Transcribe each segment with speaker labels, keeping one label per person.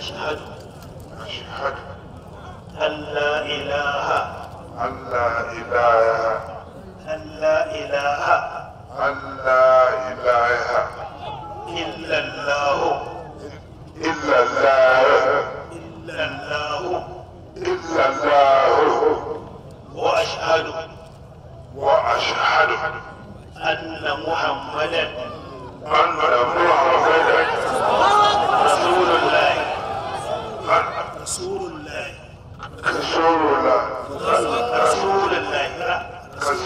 Speaker 1: أشهد أشهد أن لا إله أن لا إله أن لا إله أن لا إله إلا الله إلا الله إلا الله إلا الله وأشهد وأشهد أن محمدا أن محمدا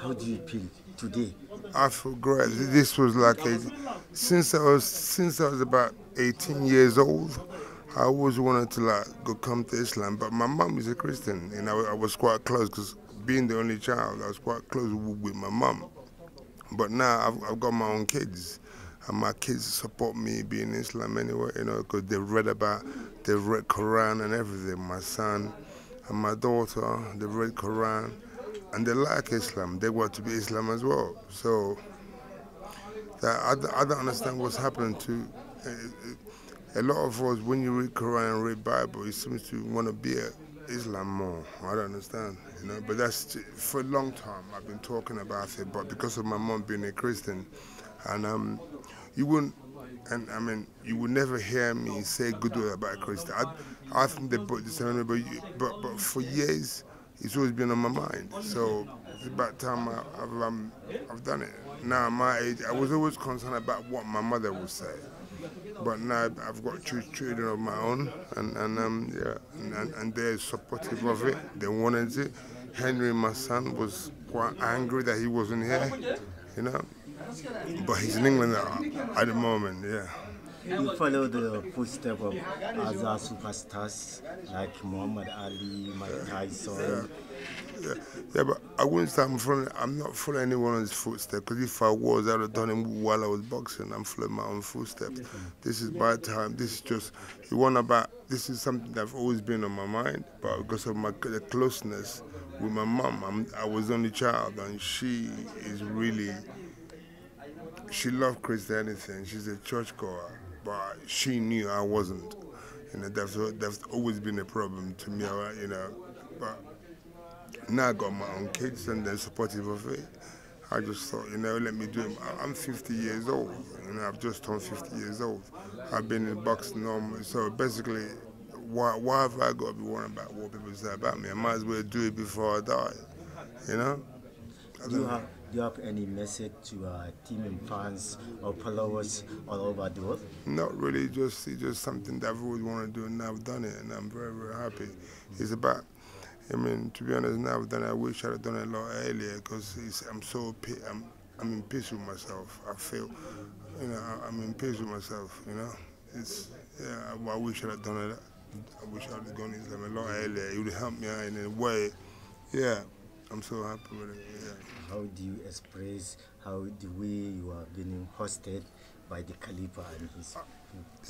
Speaker 1: How do you feel today? I feel great. This was like a, since I was since I was about 18 years old. I always wanted to like go come to Islam, but my mum is a Christian, and I, I was quite close because being the only child, I was quite close with my mum. But now I've, I've got my own kids, and my kids support me being Islam anyway, you know, because they read about, they read Quran and everything. My son and my daughter, they read Quran and they like Islam. They want to be Islam as well. So I, I don't understand what's happening to uh, uh, a lot of us. When you read Quran and read Bible, it seems to want to be Islam more. I don't understand, you know. But that's for a long time. I've been talking about it, but because of my mom being a Christian, and um, you wouldn't. And I mean, you will never hear me say good word about Christian. I, I think they brought this on, but, but but for years, it's always been on my mind. So it's about time I, have um, I've done it. Now my age, I was always concerned about what my mother would say, but now I've got two children of my own, and and um, yeah, and, and they're supportive of it. They wanted it. Henry, my son, was quite angry that he wasn't here, you know. But he's in England at the moment, yeah
Speaker 2: you follow the footsteps of other superstars like Muhammad Ali, Mike Tyson. Yeah.
Speaker 1: yeah, but I wouldn't say I'm following. I'm not following anyone's footsteps because if I was, I'd have done it while I was boxing. I'm following my own footsteps. This is my time. This is just the one about. This is something that's always been on my mind, but because of my the closeness with my mum, I'm, I was only child, and she is really. She loved Christianity, and she's a churchgoer but she knew I wasn't. You know, that's that's always been a problem to me. You know, but now I got my own kids and they're supportive of it. I just thought, you know, let me do it. I'm 50 years old, and you know, I've just turned 50 years old. I've been in boxing, normally. so basically, why, why have I got to be worrying about what people say about me? I might as well do it before I die, you know?
Speaker 2: I do, you have, do you have any message to our team and fans or followers all over the world?
Speaker 1: Not really. Just it's just something that I've always wanted to do, and I've done it, and I'm very very happy. It's about. I mean, to be honest, now I've done. It, I wish I'd done it a lot earlier because I'm so I'm I'm in peace with myself. I feel, you know, I'm in peace with myself. You know, it's yeah. I, I wish I'd done it. I wish I'd gone Islam a lot earlier. It would help me out in a way. Yeah, I'm so happy with it. Yeah how do you express how the way you are being
Speaker 2: hosted by the Khalifa and his uh,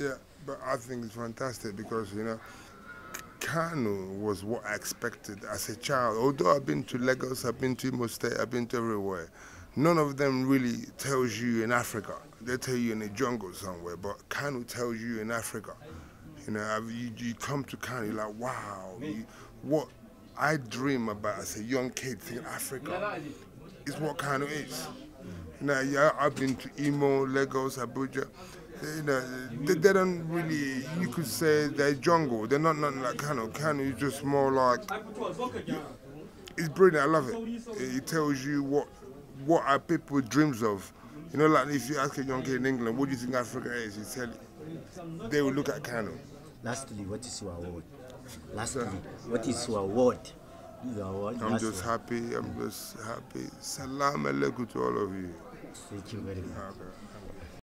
Speaker 1: yeah but I think it's fantastic because you know Kano was what I expected as a child although I've been to Lagos I've been to Imo State I've been to everywhere none of them really tells you in Africa they tell you in the jungle somewhere but Kano tells you in Africa you know you, you come to Kano you're like wow you, what I dream about as a young kid in Africa is what Kano is. You know, yeah, I've been to Imo, Lagos, Abuja. You know, they, they don't really, you could say they're jungle. They're not nothing like Kano. Kano is just more like, it's brilliant, I love it. It, tells you what, what our people dreams of. You know, like if you ask a young kid in England, what do you think Africa is? You tell They will look at Kano. Lastly, what is your award? Lastly, what is your award? I'm just happy. I'm just happy. Salam alaikum to all of you. Thank you very much.
Speaker 2: Okay.